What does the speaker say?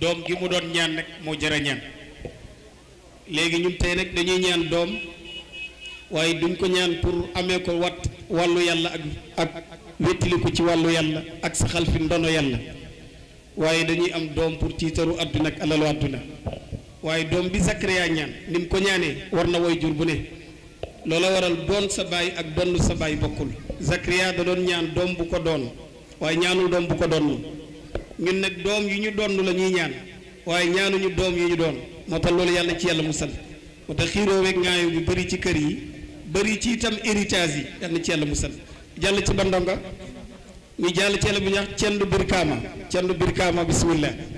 doom gi mu doon ñaan rek moo jara ñaan léegi ñun tey nag dañuy ñaan doom waaye duñ ko ñaan pour amee ko wat wàllu yàlla ak ak wéttiliku ci wàllu yàlla ak saxal fi ndono yàlla waaye dañuy am doom pour tiitaru àdduna ak alalu àdduna waaye doom bi Sakariya ñaan ni ko ñaanee war na woy jur bu ne loola waral doon sa baay ak donn sa baay bokkul Sakariya da doon ñaan doom bu ko doon waaye ñaanul doom bu ko doon ñun nag doom yu ñu doon la ñuy ñaan waaye ñaanuñu doom yu ñu doon moo te loolu yàlla ci yàlla musal moo tax xiiroo weeg ngaayo bi bëri ci kër yi bëri ci itam héritage yi yàlla ci yàlla musal jàll ci bandonga ñu jàll ci yàlla bu ñax cendu birkaama cendu birkaama bismillah